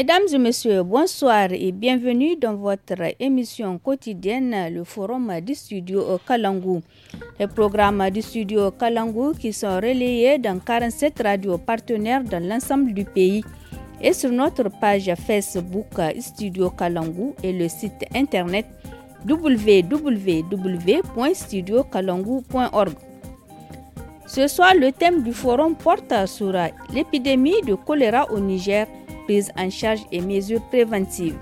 Mesdames et messieurs, bonsoir et bienvenue dans votre émission quotidienne, le forum du studio Kalangu. Les programmes du studio Kalangu qui sont relayés dans 47 radios partenaires dans l'ensemble du pays et sur notre page Facebook Studio Kalangu et le site internet www.studiokalangu.org. Ce soir, le thème du forum porte sur l'épidémie de choléra au Niger en charge et mesures préventives.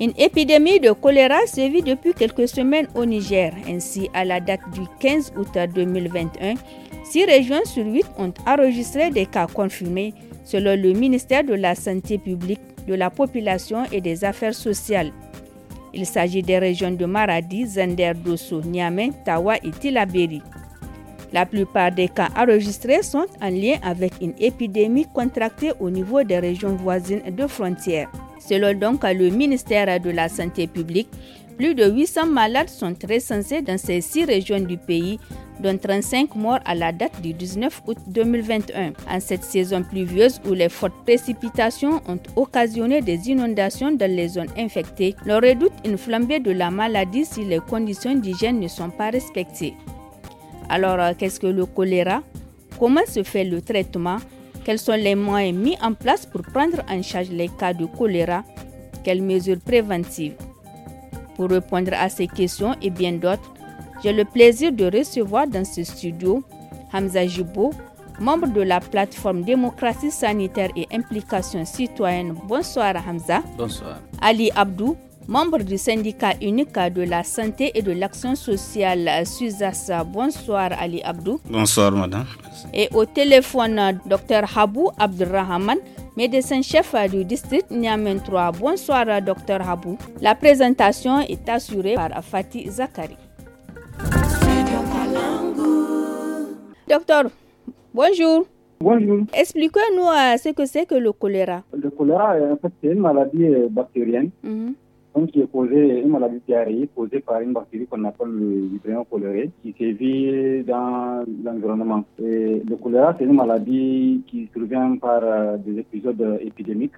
Une épidémie de choléra sévit depuis quelques semaines au Niger. Ainsi, à la date du 15 août 2021, six régions sur huit ont enregistré des cas confirmés, selon le ministère de la Santé publique, de la Population et des Affaires sociales. Il s'agit des régions de Maradi, Zender, Dosso, Niamey, Tawa et Tilaberi. La plupart des cas enregistrés sont en lien avec une épidémie contractée au niveau des régions voisines de frontières. Selon donc le ministère de la Santé publique, plus de 800 malades sont recensés dans ces six régions du pays, dont 35 morts à la date du 19 août 2021. En cette saison pluvieuse où les fortes précipitations ont occasionné des inondations dans les zones infectées, l'on redoute une flambée de la maladie si les conditions d'hygiène ne sont pas respectées. Alors, euh, qu'est-ce que le choléra Comment se fait le traitement Quels sont les moyens mis en place pour prendre en charge les cas de choléra Quelles mesures préventives Pour répondre à ces questions et bien d'autres, j'ai le plaisir de recevoir dans ce studio Hamza Jibo, membre de la plateforme Démocratie sanitaire et implication citoyenne. Bonsoir Hamza. Bonsoir. Ali Abdou, membre du syndicat unique de la santé et de l'action sociale SUZASA. Bonsoir Ali Abdou. Bonsoir madame. Et au téléphone, Dr Habou Abdurrahman, médecin-chef du district Niamen 3. Bonsoir Dr Habou. La présentation est assurée par Fatih Zakari. Docteur, bonjour. Bonjour. Expliquez-nous euh, ce que c'est que le choléra. Le choléra, en fait, c'est une maladie euh, bactérienne. Mhm donc qui est causé, une maladie diarrhéique causée par une bactérie qu'on appelle le vibrion choléré qui sévit dans l'environnement. le choléra, c'est une maladie qui survient par euh, des épisodes épidémiques,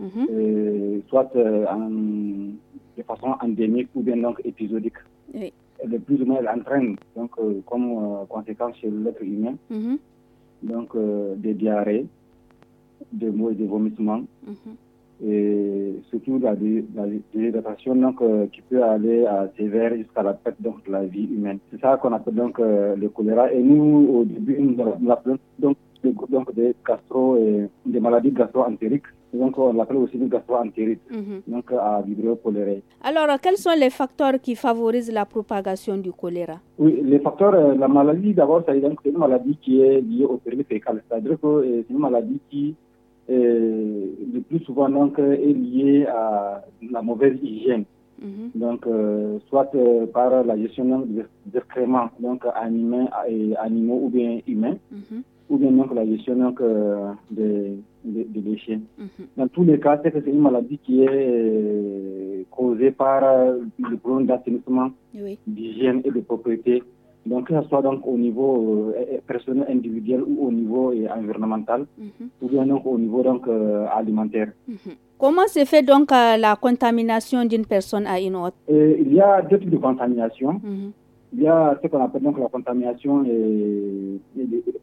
mhm. euh, soit euh, de façon endémique ou bien donc épisodique. Oui. plus ou moins, elle entraîne donc, comme conséquence chez l'être humain mhm. donc, des diarrhées, des maux et des vomissements. Mhm et surtout la, la, déshydratation euh, qui peut aller à sévère jusqu'à la perte donc, de la vie humaine. C'est ça qu'on appelle donc euh, le choléra. Et nous, au début, nous l'appelons donc, des gastro et euh, des maladies gastro-entériques. Donc, on l'appelle aussi des gastro-entérite, mhm. donc à vibrio choléré. Alors, quels sont les facteurs qui favorisent la propagation du choléra Oui, les facteurs, la maladie, d'abord, c'est une maladie qui est liée au périmètre fécal. C'est-à-dire que c'est une maladie qui euh, le plus souvent donc, est lié à la mauvaise hygiène. Mhm. Donc, euh, soit euh, par la gestion d'excréments, donc animaux, animaux ou bien humains, mhm. ou bien donc la gestion donc, des, déchets. Mhm. Dans tous les cas, c'est une maladie qui est causée par le problème d'assainissement, d'hygiène et de propriété donc, que ce soit donc au niveau euh, personnel, individuel ou au niveau euh, environnemental, mhm. ou bien donc au niveau donc, euh, alimentaire. Mhm. Comment se fait donc la contamination d'une personne à une autre Il y a deux types de contamination. Mhm. Il y a ce qu'on appelle donc la contamination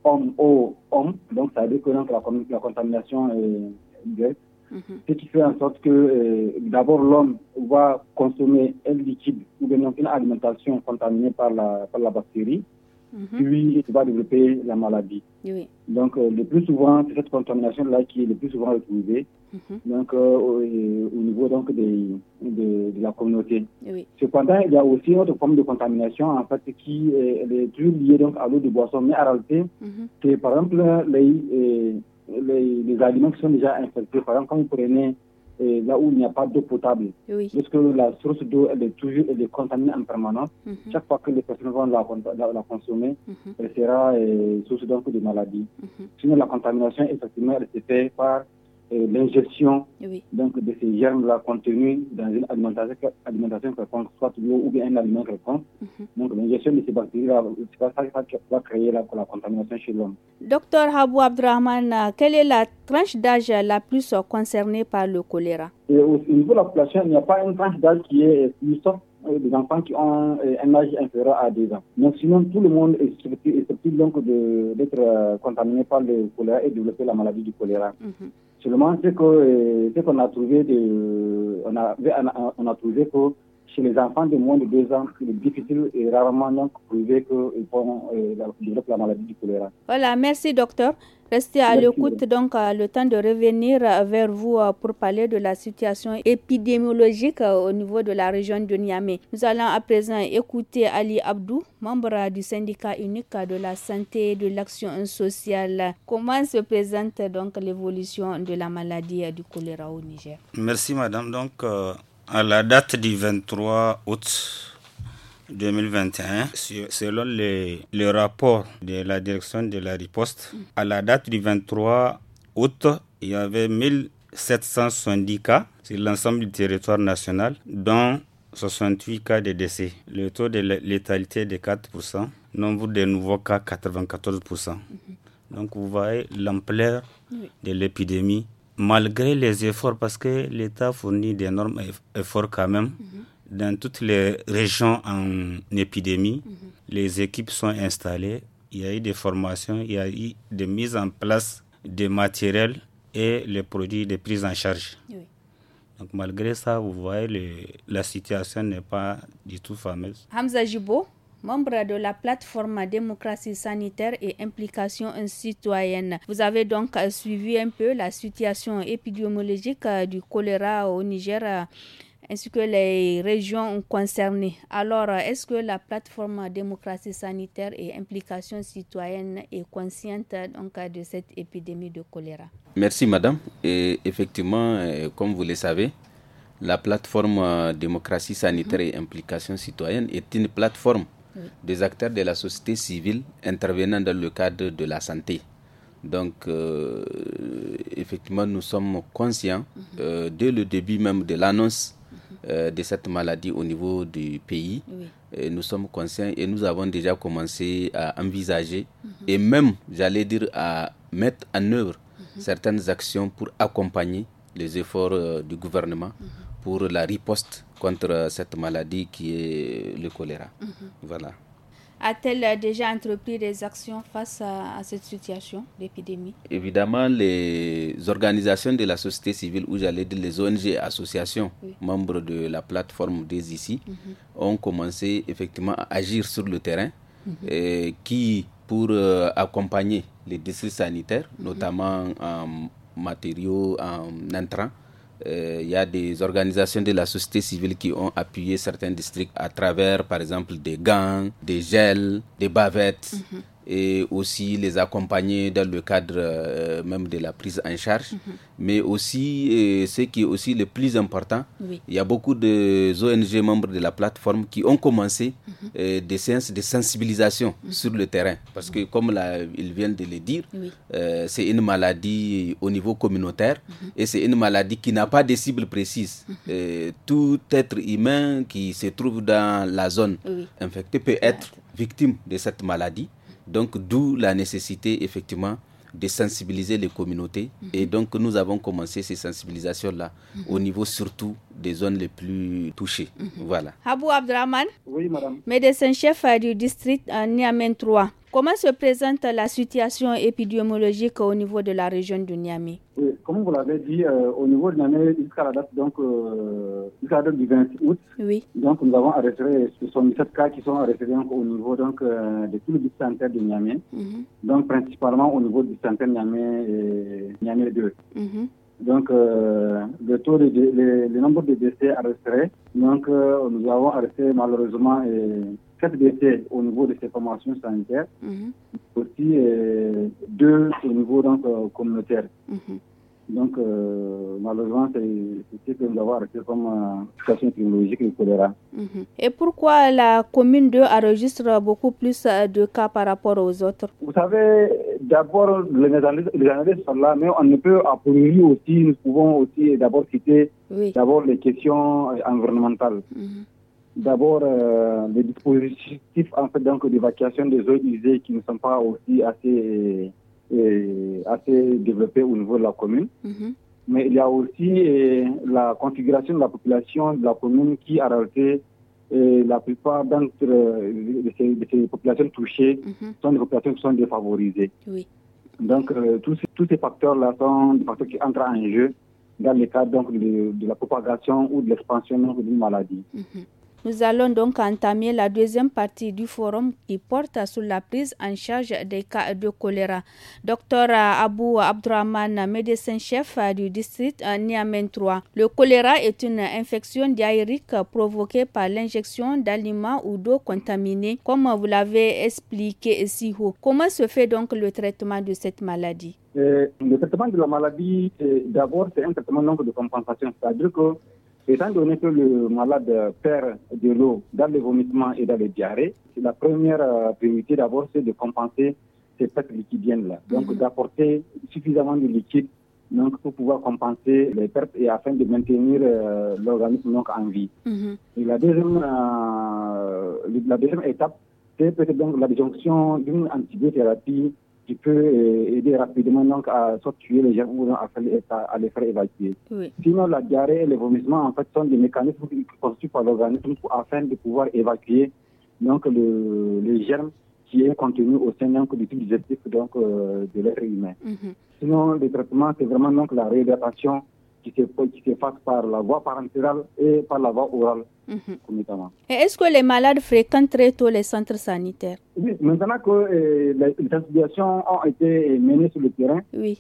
homme-homme, donc ça veut dire que donc, la, contamination est Mhm. Ce qui fait en sorte que euh, d'abord l'homme va consommer un liquide ou bien une alimentation contaminée par la, par la bactérie, mhm. puis il va développer la maladie. Donc euh, le plus souvent, c'est cette contamination-là qui est le plus souvent retrouvée mhm. donc, euh, au, niveau donc, des, de, de, la communauté. Cependant, il y a aussi une autre forme de contamination en fait, qui est, elle liée donc, à l'eau de boisson, mais à réalité, c'est par exemple les les, aliments qui sont déjà infectés. Par exemple, quand vous prenez eh, là où il n'y a pas d'eau potable, puisque parce que la source d'eau, elle est toujours elle est contaminée en permanence. Mhm. Chaque fois que les personnes vont la, consommer, mhm. elle sera source eh, source donc de maladies. Mhm. Sinon, la contamination, effectivement, elle se fait par l'injection donc de ces germes-là contenus dans une alimentation, alimentation soit l'eau ou bien un aliment quelconque. Mhm. Donc l'injection de ces bactéries-là, c'est pas ça qui va créer la, contamination chez l'homme. Docteur Habou Abdrahman, quelle est la tranche d'âge la plus concernée par le choléra Au niveau de la population, il n'y a pas une tranche d'âge qui est plus sauf euh, des enfants qui ont euh, un âge inférieur à 10 ans. Donc sinon, tout le monde est susceptible, d'être euh, contaminé par le choléra et de développer la maladie du choléra. Mhm. Seulement ce que, euh, qu'on a trouvé de, on a, on a trouvé que chez les enfants de moins de 2 ans, il est difficile et rarement prouvé qu'ils pourront euh, développer la maladie du choléra. Voilà, merci docteur. Restez à l'écoute donc euh, le temps de revenir euh, vers vous pour parler de la situation épidémiologique au niveau de la région de Niamey. Nous allons à présent écouter Ali Abdou, membre du syndicat unique de la santé et de l'action sociale. Comment se présente donc l'évolution de la maladie du choléra au Niger Merci madame. Donc à la date du 23 août 2021, selon le, rapport de la direction de la riposte, à la date du 23 août, il y avait 1770 cas sur l'ensemble du territoire national, dont 68 cas de décès. Le taux de létalité est de 4%, nombre de nouveaux cas 94%. Mm-hmm. Donc vous voyez l'ampleur de l'épidémie malgré les efforts, parce que l'État fournit d'énormes efforts quand même, mhm. dans toutes les régions en épidémie, mhm. les équipes sont installées, il y a eu des formations, il y a eu des mises en place de matériels et les produits de prise en charge. Donc malgré ça, vous voyez, la situation n'est pas du tout fameuse. Hamza membre de la plateforme démocratie sanitaire et implication citoyenne. Vous avez donc suivi un peu la situation épidémiologique euh, du choléra au Niger euh, ainsi que les régions concernées. Alors, euh, est-ce que la plateforme démocratie sanitaire et implication citoyenne est consciente donc, de cette épidémie de choléra Merci, madame. Et effectivement, comme vous le savez, la plateforme démocratie sanitaire et implication citoyenne est une plateforme des acteurs de la société civile intervenant dans le cadre de la santé. Donc, euh, effectivement, nous sommes conscients, mhm. euh, dès le début même de l'annonce euh, de cette maladie au niveau du pays, nous sommes conscients et nous avons déjà commencé à envisager mhm. et même, j'allais dire, à mettre en œuvre mhm. certaines actions pour accompagner les efforts du gouvernement pour la riposte contre cette maladie qui est le choléra. Mhm. Voilà. A-t-elle déjà entrepris des actions face à, cette situation d'épidémie Évidemment, les organisations de la société civile, ou j'allais dire les ONG associations membres de la plateforme des ICI, mhm. ont commencé effectivement à agir sur le terrain, mhm. qui, pour euh, accompagner les districts sanitaires, notamment en matériaux, en intrants, il euh, y a des organisations de la société civile qui ont appuyé certains districts à travers, par exemple, des gangs, des gels, des bavettes. Mhm et aussi les accompagner dans le cadre euh, même de la prise en charge. Mhm. Mais aussi, euh, ce qui est aussi le plus important, il y a beaucoup de ONG membres de la plateforme qui ont commencé mhm. euh, des séances de sensibilisation mhm. sur le terrain. Parce que comme ils viennent de le dire, c'est une maladie au niveau communautaire et c'est une maladie qui n'a pas de cible précise. tout être humain qui se trouve dans la zone infectée peut être victime de cette maladie. Donc d'où la nécessité effectivement de sensibiliser les communautés. Mhm. Et donc, nous avons commencé ces sensibilisations-là mhm. au niveau surtout des zones les plus touchées. Mhm. Voilà. Habou Abdraman, oui, madame. médecin-chef euh, du district euh, Niamen 3. Comment se présente la situation épidémiologique au niveau de la région du Niamey Comme vous l'avez dit, euh, au niveau du Niamey, jusqu'à la date, euh, jusqu'à du 20 août, donc, nous avons arrêté 77 cas qui sont arrêtés au niveau donc, euh, de tout le de Niamey, mhm. donc principalement au niveau du centaine Niamey et Niamey 2. Donc, euh, le, taux nombre de décès resté donc euh, nous avons arrêté malheureusement quatre décès au niveau de ces formations sanitaires, mhm. aussi euh, deux au niveau donc, communautaire. Mhm. Donc, euh, malheureusement, c'est ce que nous avons arrêté comme euh, situation technologique le choléra. Mhm. Et pourquoi la commune 2 enregistre beaucoup plus euh, de cas par rapport aux autres Vous savez, d'abord, les analyses, sont là, mais on ne peut, appuyer aussi, nous pouvons aussi d'abord citer d'abord les questions environnementales. Mhm. D'abord, les dispositifs en fait, d'évacuation des eaux usées qui ne sont pas aussi assez euh, assez développé au niveau de la commune. Mhm. Mais il y a aussi euh, la configuration de la population de la commune qui, a réalité, euh, la plupart d'entre de ces, populations touchées mhm. sont des populations qui sont défavorisées. Donc, tous, tous, ces facteurs-là sont des facteurs qui entrent en jeu dans le cadre donc, de, la propagation ou de l'expansion d'une maladie. Mhm. Nous allons donc entamer la deuxième partie du forum qui porte sur la prise en charge des cas de choléra. Docteur Abou Abdourahman, médecin-chef du district Niamey 3. Le choléra est une infection diarrhéique provoquée par l'injection d'aliments ou d'eau contaminée, comme vous l'avez expliqué ici. haut. Comment se fait donc le traitement de cette maladie euh, Le traitement de la maladie, d'abord, c'est un traitement de compensation, c'est-à-dire que Étant donné que le malade perd de l'eau dans les vomissements et dans les diarrhées, la première euh, priorité d'abord, c'est de compenser ces pertes liquidiennes-là. Donc, mhm. d'apporter suffisamment de liquide donc, pour pouvoir compenser les pertes et afin de maintenir euh, l'organisme en vie. Mhm. et la, deuxième, euh, la deuxième étape, c'est peut-être donc déjonction d'une antibiothérapie qui peut euh, aider rapidement donc, à sortir les germes ou à, les faire évacuer. Sinon, la diarrhée et les vomissements en fait, sont des mécanismes qui constituent par l'organisme afin de pouvoir évacuer donc, le, les germes qui est contenu au sein donc, du tube digestif donc, euh, de l'être humain. Mhm. Sinon, le traitement, c'est vraiment donc, la réhydratation qui se, qui fasse par la voie parentale et par la voie orale. Mhm. Et Est-ce que les malades fréquentent très tôt les centres sanitaires Oui, maintenant que euh, les, ont été menées sur le terrain,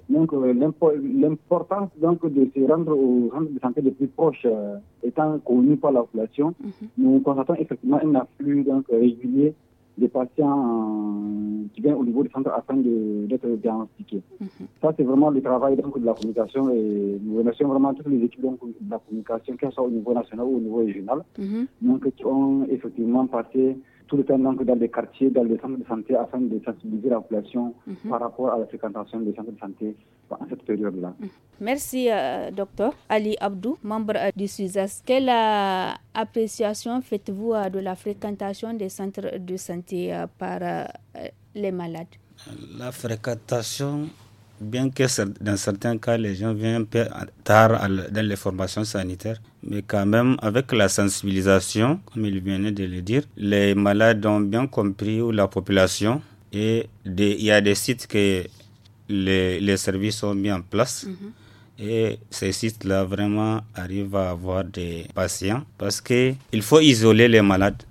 donc euh, l'importance donc de se rendre aux centres de santé les plus proches euh, étant connue par la population, mhm. nous constatons effectivement un afflux donc régulier des patients euh, qui viennent au niveau du centre afin d'être diagnostiqués. Mhm. Ça, c'est vraiment le travail donc, de la communication et nous remercions vraiment toutes les étudiants de la communication, qu'elles soient au niveau national ou au niveau régional, mhm. donc, qui ont effectivement passé tout le temps donc, dans les quartiers, dans les centres de santé, afin de sensibiliser la population mhm. par rapport à la fréquentation des centres de santé en cette période-là. Mhm. Merci, euh, docteur Ali Abdou, membre euh, du SUSAS. Quelle euh, appréciation faites-vous de la fréquentation des centres de santé par les malades La fréquentation bien que dans certains cas, les gens viennent un peu tard dans les formations sanitaires, mais quand même, avec la sensibilisation, comme il venait de le dire, les malades ont bien compris ou la population. Et il y a des sites que les, services ont mis en place. Mm-hmm. Et ces sites-là vraiment arrivent à avoir des patients parce qu'il faut isoler les malades.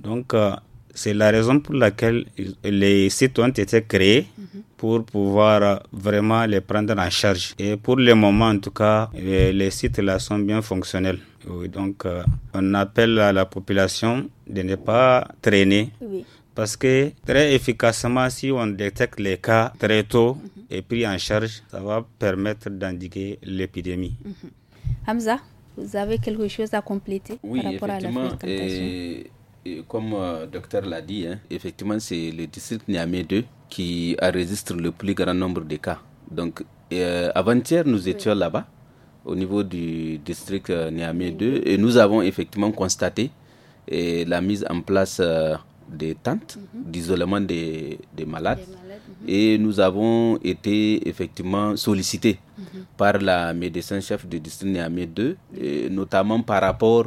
Donc, euh, c'est la raison pour laquelle les sites ont été créés. Mm-hmm pour pouvoir euh, vraiment les prendre en charge. Et pour le moment, en tout cas, les sites là sont bien fonctionnels. donc, euh, on appelle à la population de ne pas traîner. Parce que très efficacement, si on détecte les cas très tôt mhm. et pris en charge, ça va permettre d'indiquer l'épidémie. Mhm. Hamza, vous avez quelque chose à compléter par rapport à la fréquentation comme le euh, docteur l'a dit, hein, effectivement, c'est le district Niamey 2 qui enregistre le plus grand nombre de cas. Donc, euh, avant-hier, nous étions là-bas, au niveau du district euh, Niamey 2, et nous avons effectivement constaté la mise en place des tentes mhm. d'isolement des, malades. Mhm. Et nous avons été effectivement sollicités mhm. par la médecin-chef du district Niamey 2, notamment par rapport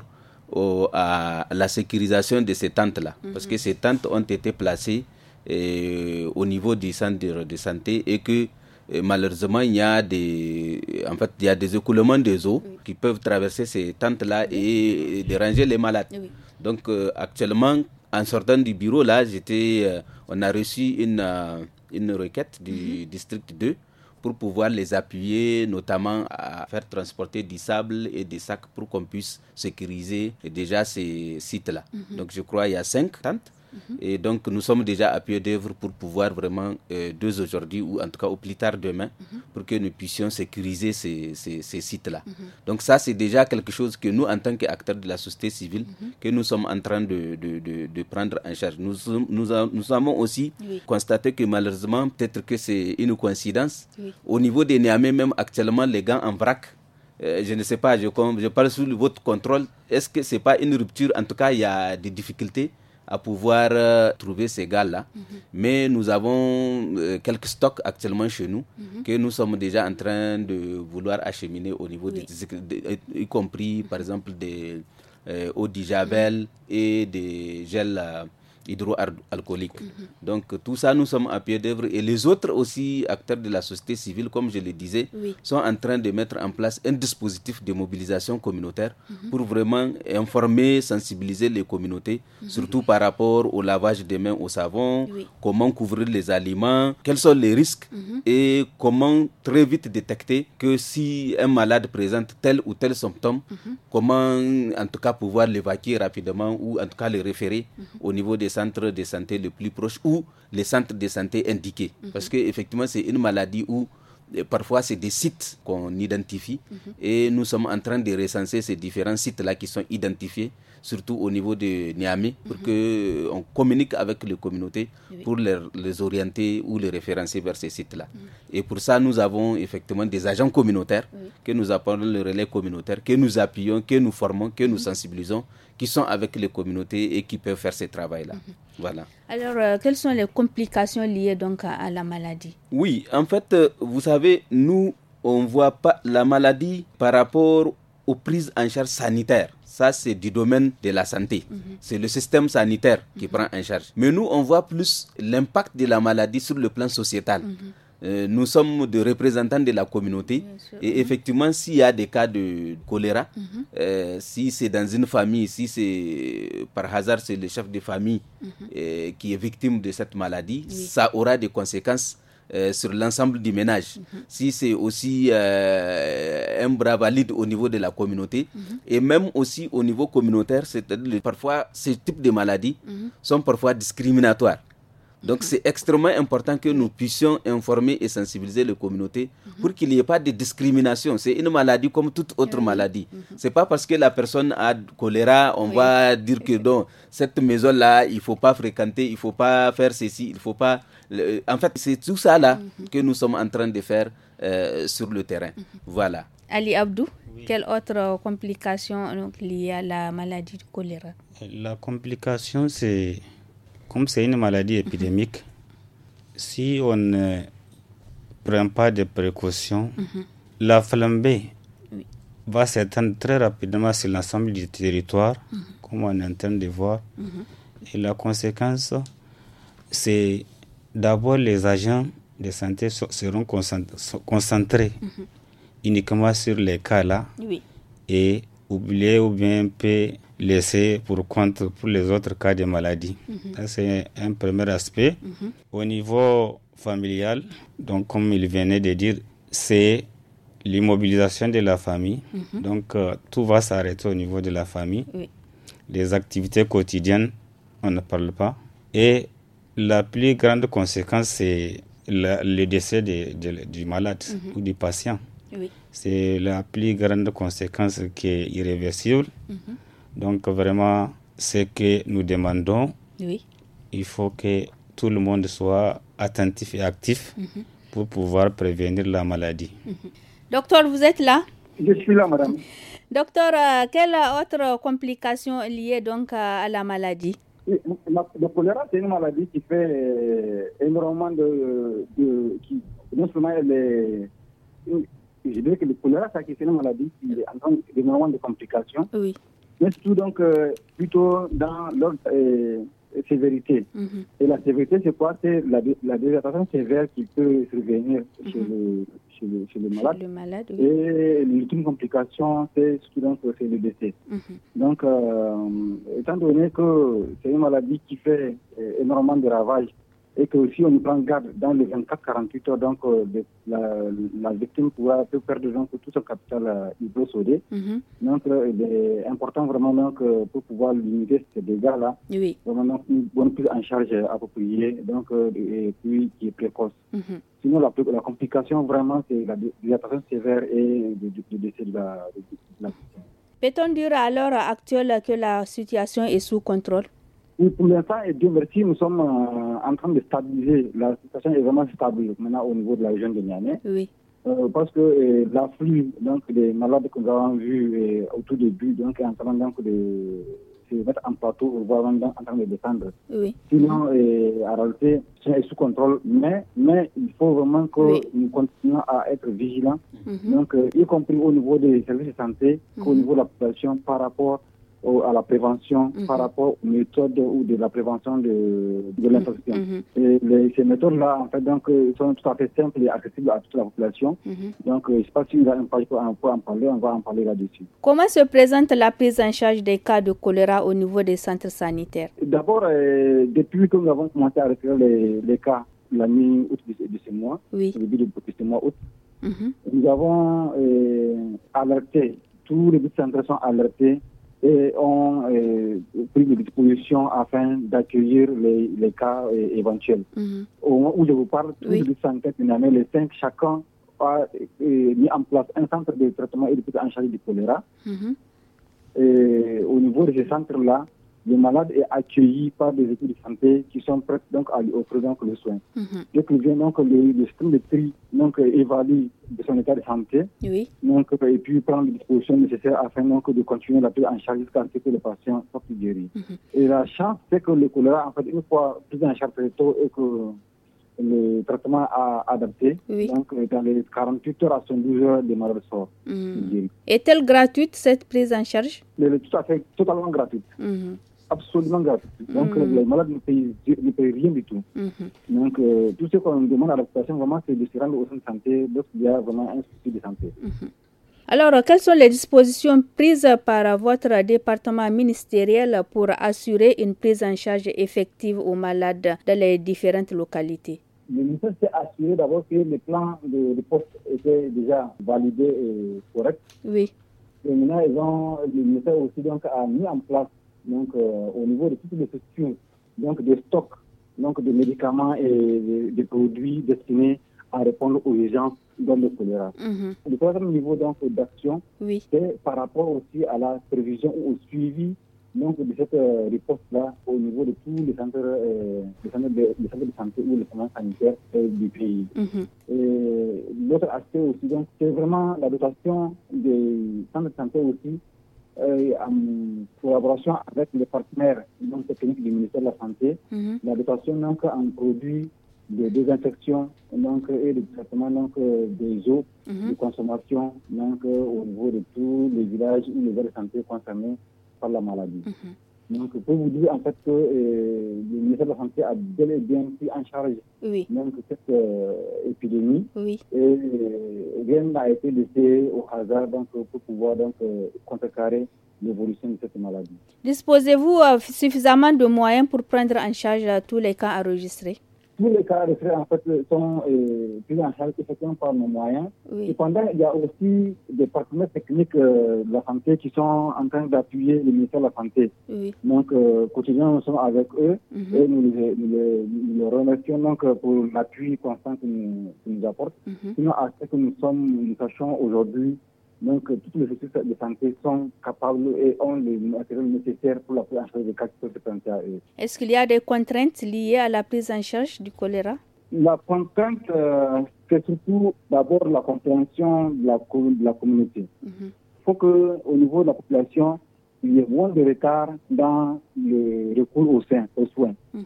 à la sécurisation de ces tentes-là. Mhm. Parce que ces tentes ont été placées euh, au niveau du centre de, santé et que euh, malheureusement, il y a des, en fait, il y a des écoulements de eaux qui peuvent traverser ces tentes-là et déranger les malades. Donc, euh, actuellement, en sortant du bureau, là, j'étais, on a reçu une, une requête du mhm. district 2 pour pouvoir les appuyer, notamment à faire transporter du sable et des sacs pour qu'on puisse sécuriser déjà ces sites-là. Mhm. Donc je crois qu'il y a cinq tentes Mhm. Et donc, nous sommes déjà à pied d'œuvre pour pouvoir vraiment, euh, deux aujourd'hui, ou en tout cas au plus tard demain, mhm. pour que nous puissions sécuriser ces, ces, sites-là. Mhm. Donc, ça, c'est déjà quelque chose que nous, en tant qu'acteurs de la société civile, que nous sommes en train de, de, de, prendre en charge. Nous, nous, avons aussi constaté que malheureusement, peut-être que c'est une coïncidence, au niveau des Niamey, même actuellement, les gants en vrac, euh, je ne sais pas, je, je parle sous votre contrôle. Est-ce que ce n'est pas une rupture En tout cas, il y a des difficultés à pouvoir euh, trouver ces gars-là. Mhm. Mais nous avons euh, quelques stocks actuellement chez nous mhm. que nous sommes déjà en train de vouloir acheminer au niveau du euh, y compris par mhm. exemple des eaux d'Ijabel et des gels hydroalcoolique. Mm-hmm. Donc tout ça, nous sommes à pied d'œuvre et les autres aussi acteurs de la société civile, comme je le disais, sont en train de mettre en place un dispositif de mobilisation communautaire mm-hmm. pour vraiment informer, sensibiliser les communautés, mm-hmm. surtout par rapport au lavage des mains au savon, comment couvrir les aliments, quels sont les risques et comment très vite détecter que si un malade présente tel ou tel symptôme, comment en tout cas pouvoir l'évacuer rapidement ou en tout cas le référer au niveau des centre de santé le plus proche ou les centres de santé indiqués. Mhm. Parce que Parce c'est une maladie où eh, parfois c'est des sites qu'on identifie mhm. et nous sommes en train de recenser ces différents sites-là qui sont identifiés surtout au niveau de Niamey, pour mhm. que qu'on euh, communique avec les communautés pour les, orienter ou les référencer vers ces sites-là. Mhm. Et pour ça, nous avons effectivement des agents communautaires que nous appelons le relais communautaire, que nous appuyons, que nous formons, que nous mhm. sensibilisons, qui sont avec les communautés et qui peuvent faire ce travail-là. Voilà. Alors, euh, quelles sont les complications liées donc à, la maladie Oui, en fait, euh, vous savez, nous, on ne voit pas la maladie par rapport aux prises en charge sanitaires ça c'est du domaine de la santé. Mhm. C'est le système sanitaire qui mhm. prend en charge. Mais nous, on voit plus l'impact de la maladie sur le plan sociétal. Mhm. Euh, nous sommes des représentants de la communauté et effectivement s'il y a des cas de choléra, euh, si c'est dans une famille, si c'est par hasard c'est le chef de famille euh, qui est victime de cette maladie, ça aura des conséquences euh, sur l'ensemble du ménage. Mhm. Si c'est aussi euh, un bras valide au niveau de la communauté mhm. et même aussi au niveau communautaire, c'est-à-dire parfois ces types de maladies mhm. sont parfois discriminatoires. Donc c'est extrêmement important que nous puissions informer et sensibiliser les communautés pour qu'il n'y ait pas de discrimination. C'est une maladie comme toute autre eh maladie. C'est pas parce que la personne a choléra, on va dire que dans cette maison là, il faut pas fréquenter, il faut pas faire ceci, il faut pas en fait, c'est tout ça là mhm. que nous sommes en train de faire euh, sur le terrain. Mhm. Voilà. Ali Abdou, quelle autre euh, complication donc, liée à la maladie du choléra La complication, c'est comme c'est une maladie mhm. épidémique, si on ne prend pas de précautions, la flambée va s'étendre très rapidement sur l'ensemble du territoire, comme on est en train de voir. Et la conséquence, c'est d'abord les agents de santé seront concentrés mhm. uniquement sur les cas là et oublier ou bien peut laisser pour compte pour les autres cas de maladie. Mhm. C'est un premier aspect. Mhm. Au niveau familial, donc comme il venait de dire, c'est l'immobilisation de la famille. Donc euh, tout va s'arrêter au niveau de la famille. Les activités quotidiennes, on ne parle pas. Et la plus grande conséquence, c'est le décès du malade mhm. ou du patient. C'est la plus grande conséquence qui est irréversible. Mhm. Donc vraiment, ce que nous demandons, oui. il faut que tout le monde soit attentif et actif mhm. pour pouvoir prévenir la maladie. Docteur, vous êtes là Je suis là, madame. Docteur, euh, quelle autre complication liée donc à la maladie la choléra, c'est une maladie qui fait euh, énormément de. de qui, non seulement elle est. Je dirais que le choléra, c'est une maladie qui entraîne énormément de complications. Oui. Mais surtout, donc, euh, plutôt dans l'ordre. Euh, sévérité. Mhm. Et la sévérité, c'est quoi C'est la, la sévère qui peut survenir chez, mhm. chez, le, malade. Et l'ultime complication, c'est ce qui donne c'est le décès. Mhm. Donc, euh, étant donné que c'est une maladie qui fait euh, énormément de ravages et que si on prend garde dans les 24-48 heures, donc euh, la, victime pourra, peut perdre donc, tout son capital euh, il peut mhm. Donc, euh, il est important vraiment donc, pour pouvoir limiter ces dégâts-là, oui. vraiment donc, une bonne prise en charge appropriée donc, et puis qui est précoce. Mhm. Sinon, la, complication vraiment, c'est la dilatation sévère et le décès de la, victime. Peut-on dire alors actuelle que la situation est sous contrôle pour l'instant, et Dieu merci, nous sommes euh, en train de stabiliser. La situation est vraiment stable maintenant au niveau de la région de Niamey. Euh, parce que euh, l'afflux donc des malades que nous avons vus au tout début donc est en train donc de se mettre en plateau voire en train de descendre. Oui. Sinon euh, en c'est sous contrôle mais mais il faut vraiment que nous continuions à être vigilants mhm. donc y compris au niveau des services de santé au mhm. niveau de la population par rapport à la prévention mhm. par rapport aux méthodes ou de la prévention de, mhm. l'infection. Mhm. Et ces méthodes-là, en fait, donc, euh, sont tout à fait simples et accessibles à toute la population. Donc, euh, je ne sais pas si on peut en parler, on va en parler là-dessus. Comment se présente la prise en charge des cas de choléra au niveau des centres sanitaires D'abord, euh, depuis que nous avons commencé à référer les, cas la mi-août de, ce mois, le début mois août, nous avons alerté, tous les centres sont alertés et ont euh, pris des dispositions afin d'accueillir les, les, cas euh, éventuels. Mhm. Au moment où je vous parle, tous les centres. 104 les cinq, chacun a euh, mis en place un centre de traitement et de en charge du choléra. Mhm. au niveau de ce centre-là, le malade est accueilli par des équipes de santé qui sont prêtes donc à lui offrir donc le soin. Mhm. Donc, il vient donc le, le, de tri donc euh, évalue de son état de santé, donc euh, et puis prend les dispositions nécessaires afin donc de continuer la prise en charge jusqu'à ce que le patient soit guéri. Mhm. Et la chance c'est que le choléra en fait une fois prise en charge très tôt et que le traitement a adapté. Donc, euh, dans les 48 heures à 72 heures, malade malades sort. Mhm. Est-elle gratuite, cette prise en charge Elle est tout à fait totalement gratuite absolument grave. Mm. Donc euh, les malades ne payent, rien du tout. Mm-hmm. Donc euh, tout ce qu'on demande à la population, vraiment, c'est de se rendre au centre de santé lorsqu'il y a vraiment un souci de santé. Mm-hmm. Alors, quelles sont les dispositions prises par votre département ministériel pour assurer une prise en charge effective aux malades dans les différentes localités le ministère s'est assuré d'abord que les plans de poste étaient déjà validés et corrects. Oui. Et maintenant, le ministère aussi donc, a mis en place donc, euh, au niveau de toutes les questions, donc des stocks donc médicaments et des, produits destinés à répondre aux urgences dans le choléra. Mhm. Le troisième niveau d'action, c'est par rapport aussi à la prévision ou au suivi donc, de cette euh, réponse-là au niveau de tous euh, les centres, de, santé ou les centres sanitaires du pays. Mhm. L'autre aspect aussi, c'est vraiment la dotation des centres de santé aussi euh, en collaboration avec les partenaires non techniques du ministère de la Santé, mhm. l'habitation donc en produit de désinfection donc, et de traitement euh, des eaux mhm. de consommation donc, euh, au niveau de tous les villages et les santé concernés par la maladie. Mhm. Donc, pour vous dire en fait que euh, le ministère de la Santé a bel et bien pris en charge cette euh, épidémie. Et euh, rien n'a été laissé au hasard pour pouvoir donc, contrecarrer l'évolution de cette maladie. Disposez-vous suffisamment de moyens pour prendre en charge tous les cas enregistrés tous les cas frais, en fait sont euh, pris en charge effectivement par nos moyens. Et Cependant, il y a aussi des partenaires techniques euh, de la santé qui sont en train d'appuyer le ministère de la Santé. Donc, euh, quotidien, nous sommes avec eux mhm. et nous les, remercions donc, pour l'appui constant qu'ils nous, apportent. Mhm. Sinon, à ce que nous sommes, nous sachons aujourd'hui, donc, euh, tous les structures de santé sont capables et ont les matériaux nécessaires pour la prise en charge des cas Est-ce qu'il y a des contraintes liées à la prise en charge du choléra La contrainte, euh, c'est surtout d'abord la compréhension de la, de la communauté. Mhm. Il faut qu'au niveau de la population, il y ait moins de retard dans le recours aux, soins. Mhm.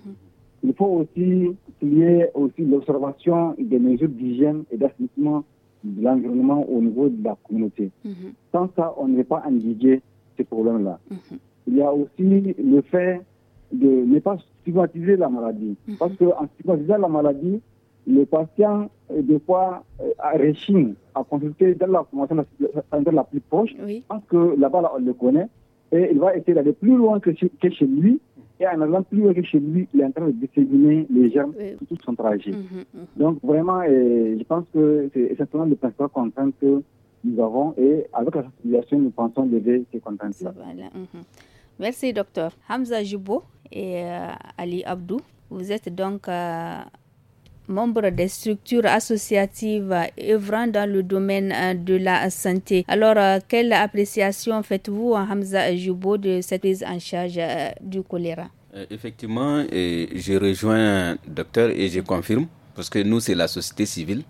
Il faut aussi qu'il y ait aussi l'observation des mesures d'hygiène et d'assainissement de l'environnement au niveau de la communauté. Mhm. Sans ça, on n'est pas endiguer ces problèmes-là. Mhm. Il y a aussi le fait de ne pas stigmatiser la maladie. Mhm. Parce qu'en stigmatisant la maladie, le patient, euh, des fois, euh, réchigne à consulter dans la formation de la plus proche, parce que là-bas, on le connaît, et il va essayer d'aller plus loin que chez lui, et en allant plus loin que chez lui, il est en train de disséminer les germes oui. tout son trajet. Mhm, mhm. Donc vraiment, je pense que c'est certainement le principal content que nous avons et avec la situation, nous pensons lever ces contraintes-là. Mhm. Merci docteur. Hamza Jubo et euh, Ali Abdou, vous êtes donc... Euh, membre des structures associatives œuvrant dans le domaine euh, de la santé. Alors, euh, quelle appréciation faites-vous, Hamza Joubo, de cette prise en charge euh, du choléra Effectivement, je rejoins docteur et je confirme, parce que nous, c'est la société civile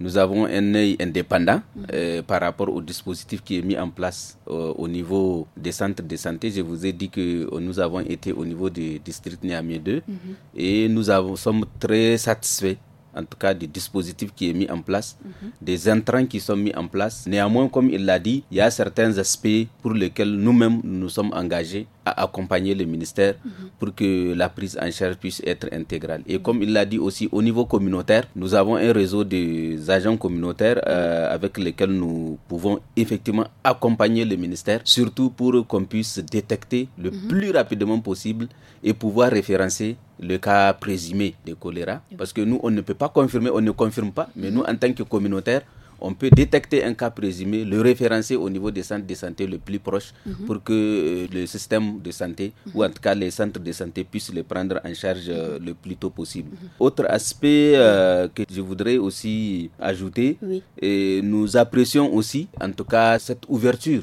nous avons un œil indépendant euh, par rapport au dispositif qui est mis en place euh, au niveau des centres de santé. Je vous ai dit que euh, nous avons été au niveau du district Niamey 2 mhm. et nous avons, sommes très satisfaits en tout cas des dispositifs qui est mis en place, des intrants qui sont mis en place. Néanmoins, comme il l'a dit, il y a certains aspects pour lesquels nous-mêmes nous sommes engagés à accompagner le ministère pour que la prise en charge puisse être intégrale. Et comme il l'a dit aussi, au niveau communautaire, nous avons un réseau des agents communautaires euh, avec lesquels nous pouvons effectivement accompagner le ministère, surtout pour qu'on puisse détecter le plus rapidement possible et pouvoir référencer le cas présumé de choléra. Parce que nous, on ne peut pas confirmer, on ne confirme pas, mais nous, en tant que communautaire, on peut détecter un cas présumé, le référencer au niveau des centres de santé le plus proche mhm. pour que euh, le système de santé, mhm. ou en tout cas les centres de santé, puissent le prendre en charge euh, mhm. le plus tôt possible. Autre aspect euh, que je voudrais aussi ajouter, et nous apprécions aussi, en tout cas, cette ouverture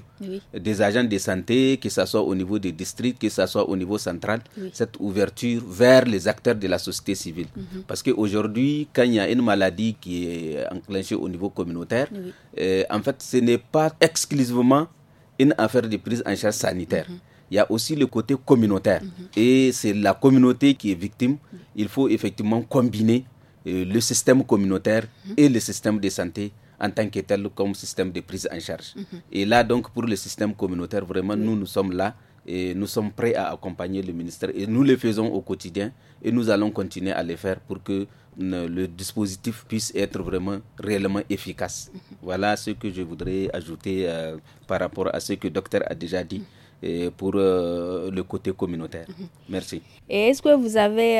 des agents de santé, que ce soit au niveau des districts, que ce soit au niveau central, cette ouverture vers les acteurs de la société civile. Parce qu'aujourd'hui, quand il y a une maladie qui est enclenchée au niveau communautaire, euh, en fait, ce n'est pas exclusivement une affaire de prise en charge sanitaire. Mhm. il y a aussi le côté communautaire. Mhm. Et c'est la communauté qui est victime. Il faut effectivement combiner euh, le système communautaire mhm. et le système de santé en tant que tel comme système de prise en charge. Et là, donc, pour le système communautaire, vraiment, nous, nous sommes là et nous sommes prêts à accompagner le ministère et nous le faisons au quotidien et nous allons continuer à le faire pour que euh, le dispositif puisse être vraiment réellement efficace. Voilà ce que je voudrais ajouter euh, par rapport à ce que le docteur a déjà dit. pour euh, le côté communautaire. Merci. Et est-ce que vous avez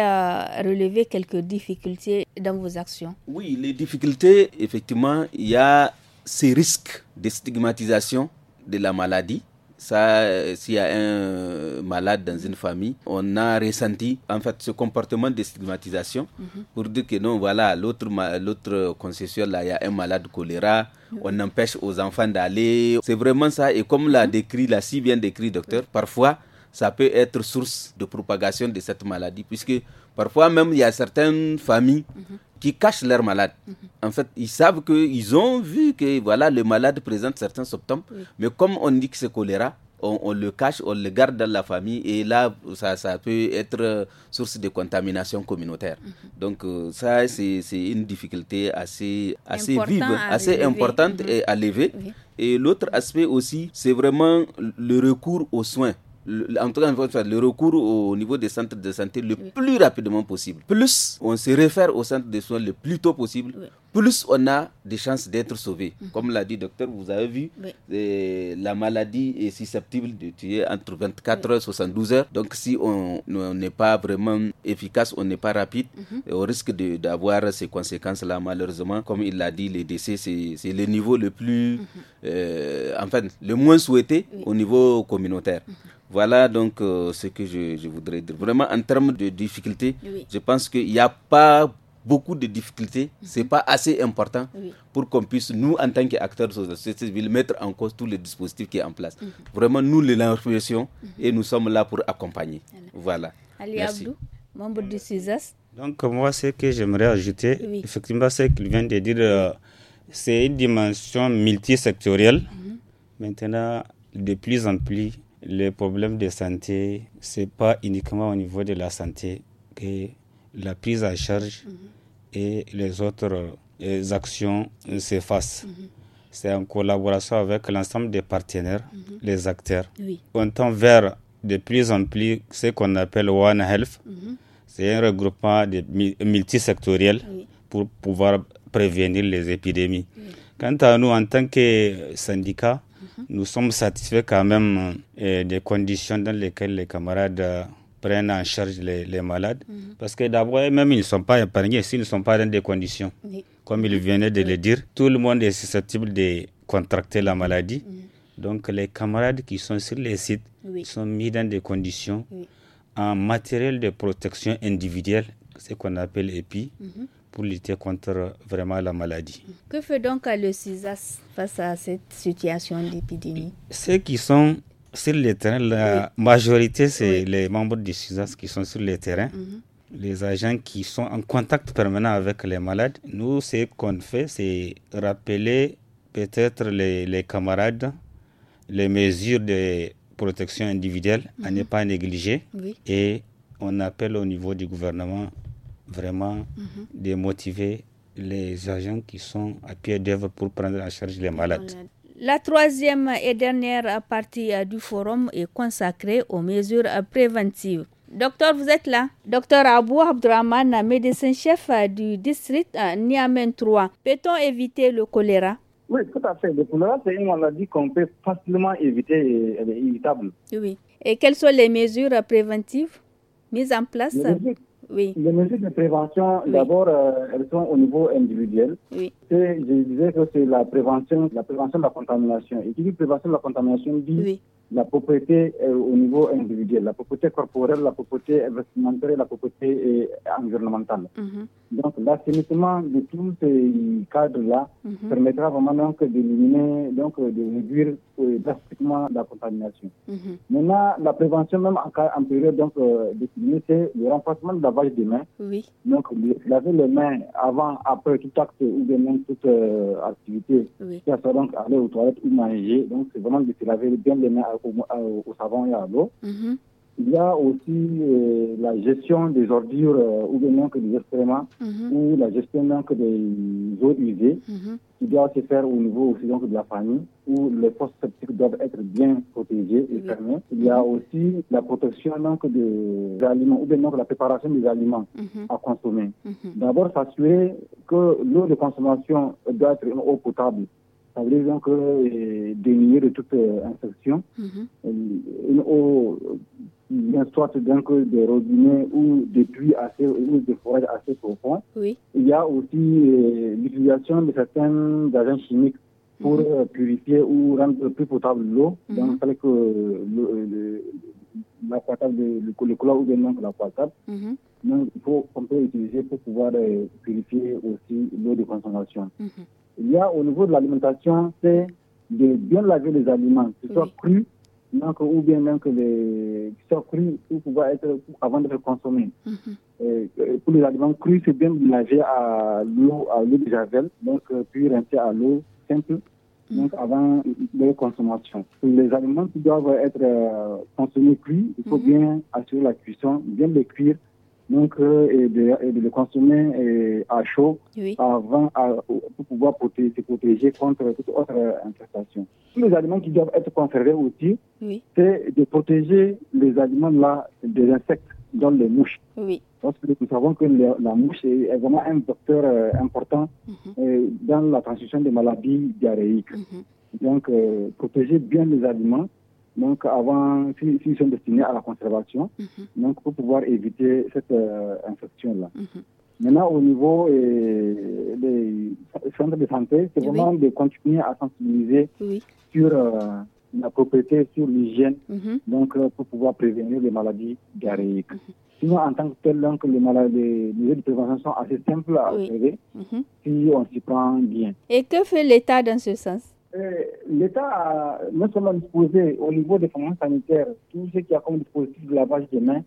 relevé quelques difficultés dans vos actions Oui, les difficultés, effectivement, il y a ces risques de stigmatisation de la maladie ça, euh, s'il y a un euh, malade dans une famille, on a ressenti en fait ce comportement de stigmatisation mhm. pour dire que non, voilà, l'autre l'autre concession là, il y a un malade choléra, on empêche aux enfants d'aller. C'est vraiment ça. Et comme l'a mhm. décrit, l'a si bien décrit docteur, parfois ça peut être source de propagation de cette maladie puisque parfois même il y a certaines familles mhm qui cachent leurs malades. Mhm. En fait, ils savent qu'ils ont vu que voilà, le malade présente certains symptômes, mais comme on dit que c'est choléra, on, le cache, on le garde dans la famille et là, ça, ça peut être euh, source de contamination communautaire. Mhm. Donc, euh, ça, c'est une difficulté assez, assez vive, assez importante mhm. et à lever. Et l'autre aspect aussi, c'est vraiment le recours aux soins le, en tout cas, le recours au niveau des centres de santé le plus rapidement possible. Plus on se réfère au centre de soins le plus tôt possible, plus on a des chances d'être sauvé. Mhm. Comme l'a dit le docteur, vous avez vu, euh, la maladie est susceptible de tuer entre 24 h et 72 heures. Donc si on n'est pas vraiment efficace, on n'est pas rapide, mhm. on risque d'avoir ces conséquences-là. Malheureusement, comme il l'a dit, les décès, c'est le niveau le plus, mhm. euh, enfin, le moins souhaité au niveau communautaire. Voilà donc euh, ce que je, voudrais dire. Vraiment, en termes de difficultés, je pense qu'il n'y a pas beaucoup de difficultés. Mhm. C'est pas assez important pour qu'on puisse, nous, en tant qu'acteurs de la société civile, mettre en cause tous les dispositifs qui est en place. Mhm. Vraiment, nous les lancions mhm. et nous sommes là pour accompagner. Voilà. Ali Abdou, membre du CISAS. Donc, moi, ce que j'aimerais ajouter, effectivement, ce qu'il vient de dire, euh, c'est une dimension multisectorielle. Maintenant, de plus en plus, les problèmes de santé, ce n'est pas uniquement au niveau de la santé que la prise en charge mhm. et les autres euh, actions euh, s'effacent. Mhm. C'est en collaboration avec l'ensemble des partenaires, mhm. les acteurs. On tend vers de plus en plus ce qu'on appelle One Health. C'est un regroupement multisectoriel pour pouvoir prévenir les épidémies. Quant à nous, en tant que syndicat, Mhm. Nous sommes satisfaits quand même euh, des conditions dans lesquelles les camarades euh, prennent en charge les, malades. Mhm. Parce que d'abord, même ils ne sont pas épargnés s'ils ne sont pas dans des conditions. Comme il venait de le dire, tout le monde est susceptible de contracter la maladie. Donc, les camarades qui sont sur les sites sont mis dans des conditions en matériel de protection individuelle, ce qu'on appelle EPI. Mhm pour lutter contre vraiment la maladie. Que fait donc le CISAS face à cette situation d'épidémie Ceux qui sont sur le terrain, la majorité, c'est les membres du CISAS qui sont sur le terrain. Mhm. Les agents qui sont en contact permanent avec les malades. Nous, ce qu'on fait, c'est rappeler peut-être les, camarades les mesures de protection individuelle à mhm. ne pas négliger. Et on appelle au niveau du gouvernement vraiment mhm. de motiver les agents qui sont à pied d'œuvre pour prendre en charge les malades. La troisième et dernière partie euh, du forum est consacrée aux mesures préventives. Docteur, vous êtes là. Docteur Abou Abdraman, médecin-chef euh, du district euh, Niamen 3. Peut-on éviter le choléra Oui, tout à fait. Le choléra, c'est une maladie qu'on peut facilement éviter et évitable. Oui. Et quelles sont les mesures préventives mises en place les mesures de prévention, d'abord, euh, elles sont au niveau individuel. Oui. Je disais que c'est la prévention, la prévention de la contamination. Et qui dit prévention de la contamination dit la propriété au niveau individuel, la propriété corporelle, la propriété investimentaire, et la propriété euh, environnementale. Mhm. Donc l'assainissement de tous ces cadres-là mhm. permettra vraiment donc d'éliminer, donc euh, de réduire euh, drastiquement la contamination. Mhm. Maintenant, la prévention même en, période donc euh, c'est le renforcement de vache des mains. Donc laver les mains avant, après tout acte ou bien même toute activité, oui. soit donc aller aux toilettes ou manger. Donc c'est vraiment de se laver bien les mains au euh, savon et à l'eau. Mm-hmm. Il y a aussi euh, la gestion des ordures euh, ou des des excréments mm-hmm. ou la gestion que des eaux usées mm-hmm. qui doit se faire au niveau aussi donc, de la famille où les postes sceptiques doivent être bien protégés et fermés. Il y a aussi la protection donc, des aliments ou bien donc, la préparation des aliments à consommer. D'abord, s'assurer que l'eau de consommation doit être une eau potable ça veut dire donc euh, des de toute euh, infection. Mm bien soit donc des robinets ou des puits assez ou des forêts assez profonds. Il y a aussi l'utilisation de certains agents chimiques pour mm-hmm. purifier ou rendre plus potable l'eau. Mm-hmm. Donc que l'eau potable, le, le, ou bien non Donc il faut qu'on peut utiliser pour pouvoir purifier aussi l'eau de consommation il y a au niveau de l'alimentation, c'est de bien laver les aliments, que ce soit crus ou bien même que les soit soient crus pour pouvoir être avant de les consommer. Mhm. Euh, pour les aliments crus, c'est bien de laver à l'eau à l'eau de javel, donc euh, puis rincer à l'eau simple. Donc, mhm. avant leur consommation. Pour les aliments qui doivent être euh, consommés cuits, il faut mhm. bien assurer la cuisson, bien les cuire donc, euh, et, de, de, le consommer euh, à chaud avant à, pour pouvoir protéger, se protéger contre toute autre euh, infestation. Les aliments qui doivent être conservés aussi, c'est de protéger les aliments là des insectes, dont les mouches. Parce que nous savons que la mouche est, vraiment un vecteur important mhm. dans la transmission des maladies diarrhéiques. Mhm. Donc, protéger bien les aliments donc avant, s'ils si, sont destinés à la conservation, mhm. donc pour pouvoir éviter cette euh, infection-là. Mhm. Maintenant, au niveau euh, des centres de santé, c'est vraiment de continuer à sensibiliser sur euh, la propriété, sur l'hygiène, mhm. donc pour pouvoir prévenir les maladies diarrhéiques. Sinon, en tant que tel, donc, les, maladies, mesures de prévention sont assez simples à oui. si on s'y prend bien. Et que fait l'État dans ce sens euh, l'État a non seulement disposé au niveau des formations sanitaires tout ce qui a comme dispositif de lavage des mains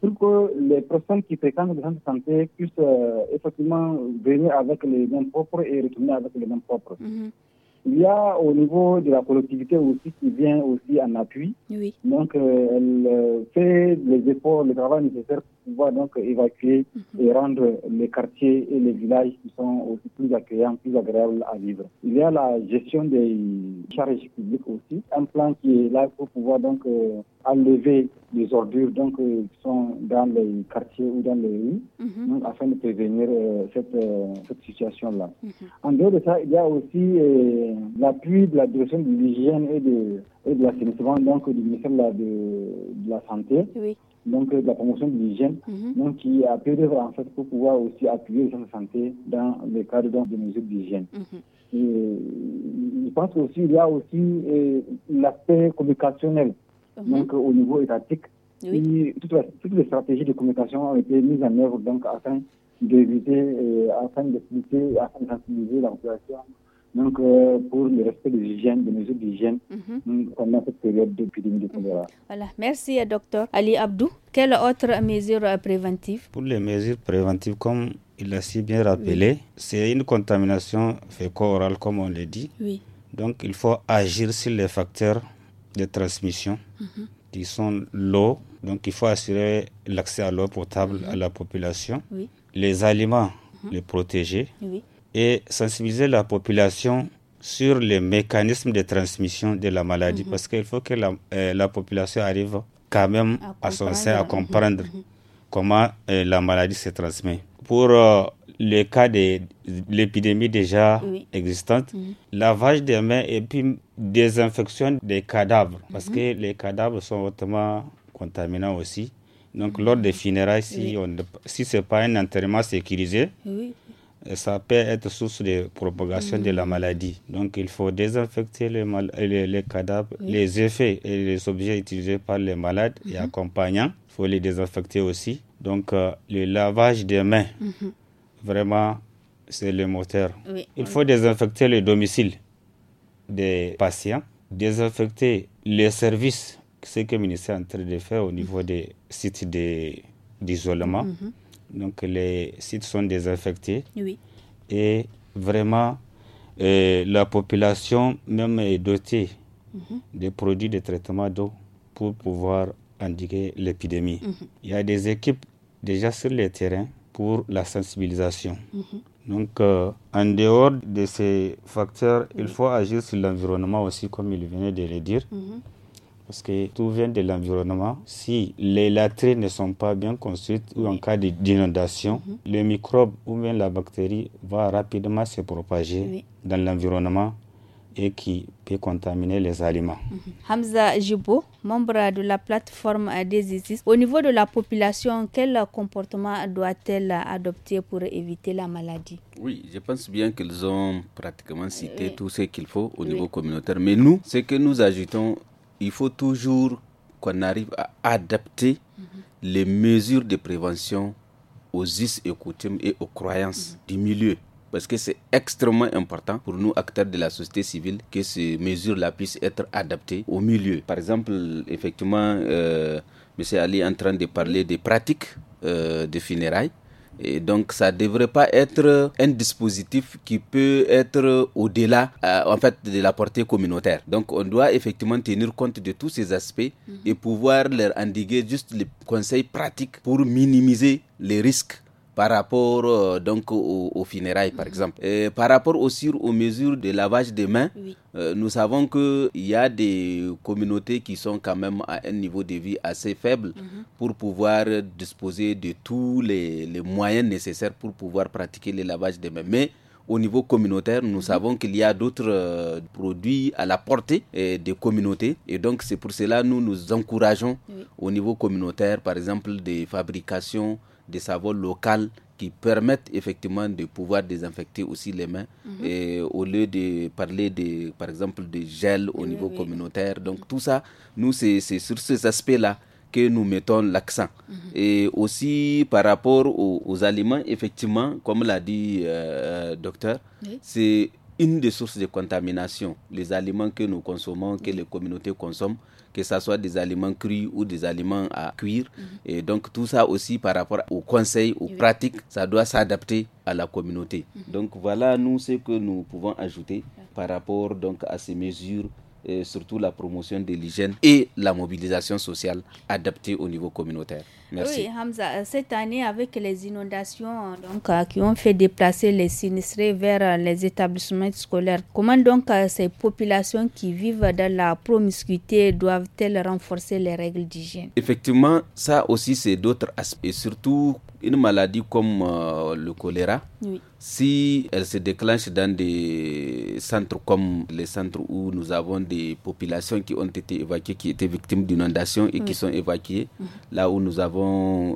pour que les personnes qui fréquentent les centres de santé puissent euh, effectivement venir avec les mains propres et retourner avec les mains propres. Mhm. Il y a au niveau de la collectivité aussi qui vient aussi en appui. Donc euh, elle fait les efforts, le travail nécessaire pouvoir donc évacuer mhm. et rendre les quartiers et les villages qui sont aussi plus accueillants, plus agréables à vivre. Il y a la gestion des charges publiques aussi, un plan qui est là pour pouvoir donc euh, enlever les ordures donc euh, qui sont dans les quartiers ou dans les rues, mhm. afin de prévenir euh, cette, cette situation-là. Mhm. En dehors de ça, il y a aussi l'appui de la direction de l'hygiène et de, et l'assainissement donc du ministère de, la Santé donc euh, la promotion de l'hygiène, mhm. donc qui a peu d'œuvres en fait pour pouvoir aussi appuyer les gens de santé dans le cadre donc, des mesures d'hygiène. Mhm. et Je pense aussi il y a aussi euh, l'aspect communicationnel, mhm. donc au niveau étatique. Oui. Toutes, toutes, les stratégies de communication ont été mises en œuvre donc afin d'éviter, euh, afin de afin de sensibiliser donc, euh, pour le respect des des mesures d'hygiène mm cette période d'épidémie de choléra. Mhm. Voilà. Merci, euh, docteur Ali Abdou. Quelle autre mesure euh, préventive Pour les mesures préventives, comme il l'a si bien rappelé, c'est une contamination fécorale, comme on le dit. Oui. Donc, il faut agir sur les facteurs de transmission mhm. qui sont l'eau. Donc, il faut assurer l'accès à l'eau potable mhm. à la population. Oui. Les aliments, les protéger. Oui et sensibiliser la population sur les mécanismes de transmission de la maladie mhm. parce qu'il faut que euh, la, population arrive quand même à, son sein à comprendre mhm. comment euh, la maladie se transmet. Pour euh, le cas de l'épidémie déjà existante, mhm. lavage des mains et puis désinfection des cadavres parce que les cadavres sont hautement contaminants aussi. Donc lors des funérailles, si, si ce n'est pas un enterrement sécurisé, ça peut être source de propagation de la mm. maladie. Donc il faut désinfecter les, les, cadavres, les effets et les objets utilisés par les malades et mm-hmm. accompagnants. Il faut les désinfecter aussi. Donc euh, le lavage des mains, mm-hmm. vraiment, c'est le moteur. Il faut désinfecter le domicile des patients, désinfecter les services, ce que le ministère est en train de faire au niveau mm-hmm. des sites d'isolement. Donc les sites sont désinfectés. Et vraiment, euh, la population même est dotée mhm. des produits de traitement d'eau pour pouvoir indiquer l'épidémie. Mhm. Il y a des équipes déjà sur le terrain pour la sensibilisation. Mhm. Donc, euh, en dehors de ces facteurs, il faut agir sur l'environnement aussi, comme il venait de le dire parce que tout vient de l'environnement. Si les latrines ne sont pas bien construites ou en cas d'inondation, mhm. le microbe ou même la bactérie va rapidement se propager dans l'environnement et qui peut contaminer les aliments. Mhm. Hamza Jibo, membre de la plateforme des ISIS, au niveau de la population, quel comportement doit-elle adopter pour éviter la maladie Oui, je pense bien qu'ils ont pratiquement cité tout ce qu'il faut au niveau communautaire. Mais nous, ce que nous ajoutons il faut toujours qu'on arrive à adapter mhm. les mesures de prévention aux us et coutumes et aux croyances mhm. du milieu. Parce que c'est extrêmement important pour nous, acteurs de la société civile, que ces mesures-là puissent être adaptées au milieu. Par exemple, effectivement, euh, M. Ali est en train de parler des pratiques euh, de funérailles. Et donc, ça ne devrait pas être un dispositif qui peut être au-delà, euh, en fait, de la portée communautaire. Donc, on doit effectivement tenir compte de tous ces aspects mhm. et pouvoir leur indiquer juste les conseils pratiques pour minimiser les risques par rapport euh, donc aux, par mhm. exemple. Et par rapport aussi aux mesures de lavage des mains, euh, nous savons que il y a des communautés qui sont quand même à un niveau de vie assez faible mhm. pour pouvoir disposer de tous les, moyens nécessaires pour pouvoir pratiquer le lavage des mains. Mais au niveau communautaire, nous mhm. savons qu'il y a d'autres euh, produits à la portée des communautés. Et donc, c'est pour cela que nous nous encourageons au niveau communautaire, par exemple, des fabrications des savons locaux qui permettent effectivement de pouvoir désinfecter aussi les mains mhm. et au lieu de parler de par exemple de gel au niveau communautaire donc mhm. tout ça nous c'est sur ces aspects là que nous mettons l'accent mhm. et aussi par rapport aux, aliments effectivement comme l'a dit le euh, euh, docteur c'est une des sources de contamination les aliments que nous consommons que les communautés consomment que ce soit des aliments crus ou des aliments à cuire. Mhm. Et donc tout ça aussi par rapport aux conseils, aux pratiques, ça doit s'adapter à la communauté. Mhm. Donc voilà nous ce que nous pouvons ajouter par rapport donc à ces mesures et surtout la promotion de l'hygiène et la mobilisation sociale adaptée au niveau communautaire. Oui, Hamza, cette année, avec les inondations donc, euh, qui ont fait déplacer les sinistrés vers euh, les établissements scolaires, comment donc euh, ces populations qui vivent dans la promiscuité doivent-elles renforcer les règles d'hygiène Effectivement, ça aussi, c'est d'autres aspects. surtout, une maladie comme le choléra, si elle se déclenche dans des centres comme les centres où nous avons des populations qui ont été évacuées, qui étaient victimes d'inondations et qui sont évacuées, mhm. là où nous avons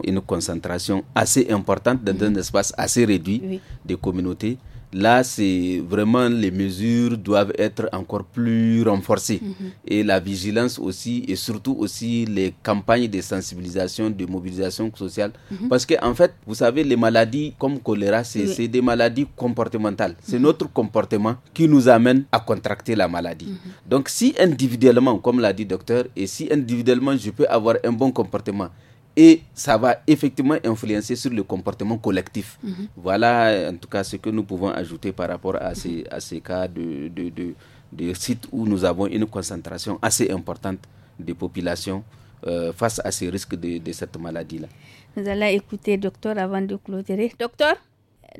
une concentration assez importante dans un espace assez réduit de des communautés. Là, c'est vraiment les mesures doivent être encore plus renforcées. Mhm. Et la vigilance aussi, et surtout aussi les campagnes de sensibilisation, de mobilisation sociale. Mhm. Parce que en fait, vous savez, les maladies comme choléra, c'est des maladies comportementales. C'est mhm. notre comportement qui nous amène à contracter la maladie. Donc si individuellement, comme l'a dit le docteur, et si individuellement je peux avoir un bon comportement, et ça va effectivement influencer sur le comportement collectif. Mhm. Voilà en tout cas ce que nous pouvons ajouter par rapport à ces, cas de, sites où nous avons une concentration assez importante des populations euh, face à ces risques de, cette maladie-là. Nous allons écouter docteur avant de clôturer. Docteur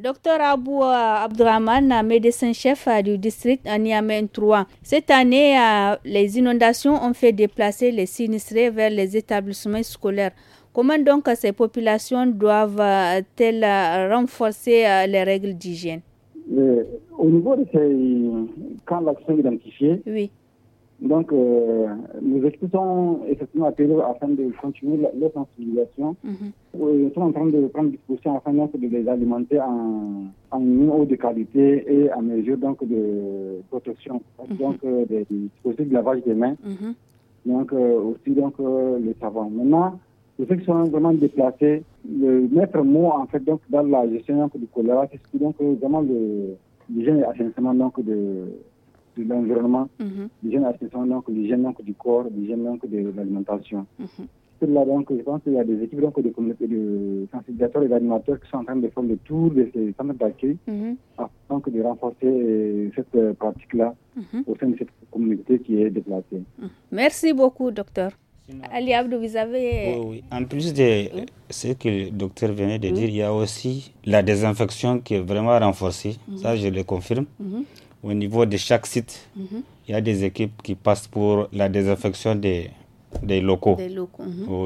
Docteur Abou euh, euh, médecin-chef du district en Niamey 3. Cette année, les inondations ont fait déplacer les sinistrés vers les établissements scolaires. Comment donc ces populations doivent-elles euh, euh, renforcer euh, les règles d'hygiène Au niveau de ces camps d'action identifiés, oui. donc, nous expliquons effectivement Pérou afin de continuer la, sensibilisation. Mhm. Nous sommes en train de prendre des dispositions afin donc, de les alimenter en, en eau de qualité et en mesure donc, de protection, mhm. donc des dispositifs de lavage des mains, mhm. donc aussi donc, le savon. Maintenant, les ceux qui sont vraiment déplacés, le maître mot, en fait, donc, dans la gestion du choléra, c'est donc euh, vraiment le, l'hygiène et l'assainissement de, de l'environnement, mm -hmm. l'hygiène donc, du corps, l'hygiène donc, de, l'alimentation. Mhm. Là, donc, je pense qu'il y a des équipes donc, de, de sensibilisateurs et d'animateurs qui sont en train de faire le tour de ces centres d'accueil mhm. afin de renforcer euh, cette euh, pratique-là mhm. au sein de cette communauté qui est déplacée. Merci beaucoup, docteur. Ali vous avez... En plus de ce que le docteur venait de mm-hmm. dire, il y a aussi la désinfection qui est vraiment renforcée. Mm-hmm. Ça, je le confirme. Mm-hmm. Au niveau de chaque site, il y a des équipes qui passent pour la désinfection Des locaux.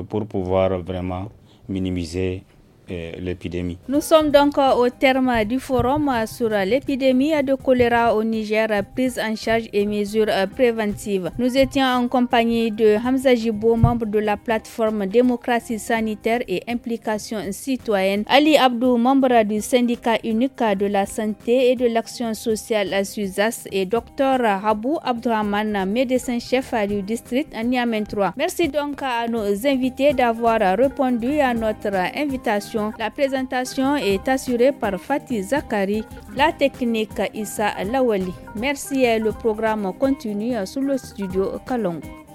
Pour pouvoir vraiment minimiser l'épidémie. Nous sommes donc au terme du forum sur l'épidémie de choléra au Niger, prise en charge et mesures préventives. Nous étions en compagnie de Hamza Jibo, membre de la plateforme démocratie sanitaire et implication citoyenne, Ali Abdou, membre du syndicat unique de la santé et de l'action sociale à SUSAS et docteur Habou Abdourahman, médecin-chef du district Niamey 3. Merci donc à nos invités d'avoir répondu à notre invitation la présentation est assurée par Fatih Zakari, la technique Issa Lawali. Merci et le programme continue sous le studio Kalong.